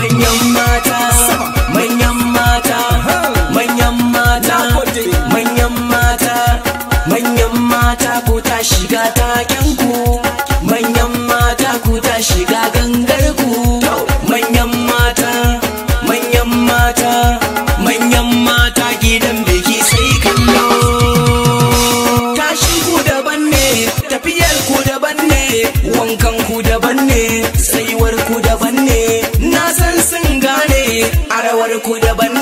manyan mata manyan mata manyan mata manyan mata manyan mata ku ta shiga taken ku manyan mata ku ta shiga gangarku ku manyan mata manyan mata manyan mata gidan biki sai kallo tashi ku daban ne tafiyar ku daban ne wankan ku daban ne saiwar ku daban I don't wanna quit the banana.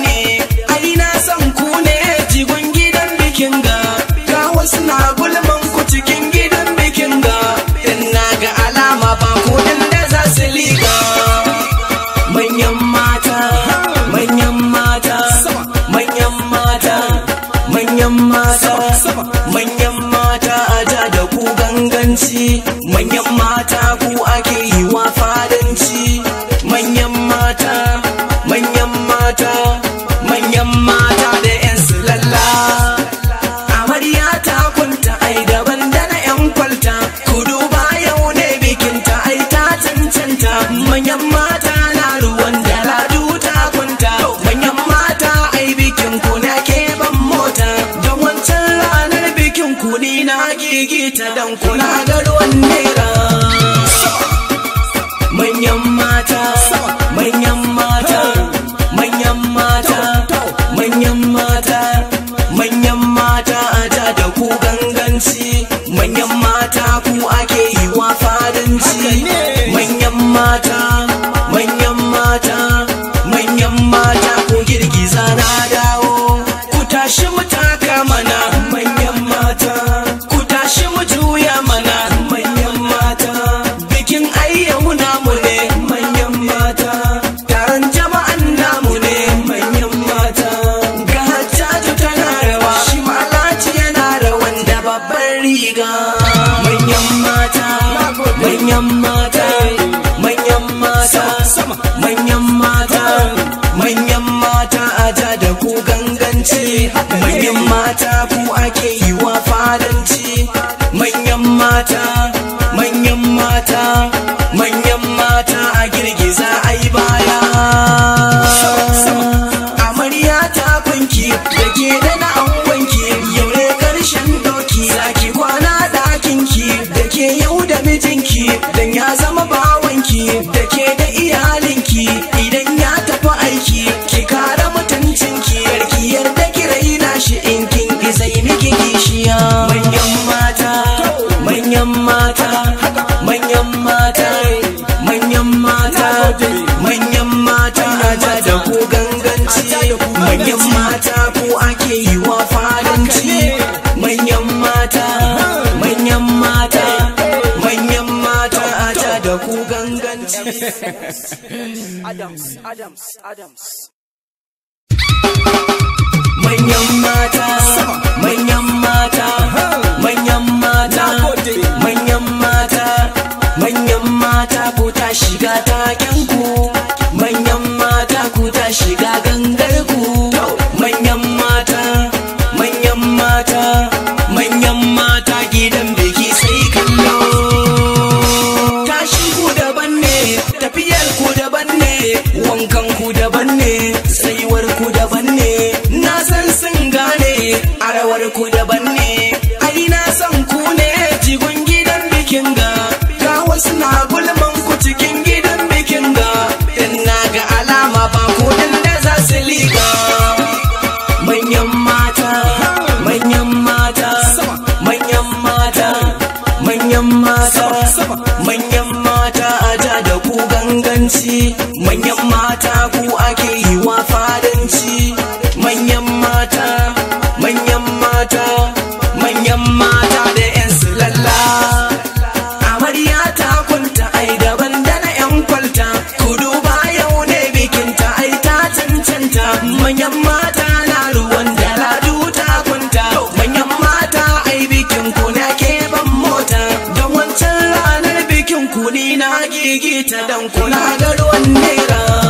firgita dan kuna da ruwan nera manyan mata manyan mata manyan mata manyan mata manyan mata a ta da ku ganganci manyan mata ku ake yi wa fadanci manyan mata mata ku ake yi wa fadanci manyan mata manyan mata manyan mata a girgiza ai baya kishiya manyan mata manyan mata manyan mata manyan mata manyan mata ba da ku ganganci manyan mata ku ake yi wa faranci manyan mata manyan mata manyan mata a da ku ganganci Adams Adams Adams manyan mata ga taken ku manyan mata ku ta shiga gangar ku manyan mata manyan mata manyan mata gidan biki sai kallo Tashin ku daban ne tafiyar ku daban ne wankan ku daban ne saiwar ku daban ne na san sun gane arawar ku daban ne manyan mata ku ake yi wa fada firgita dan kula da ruwan nera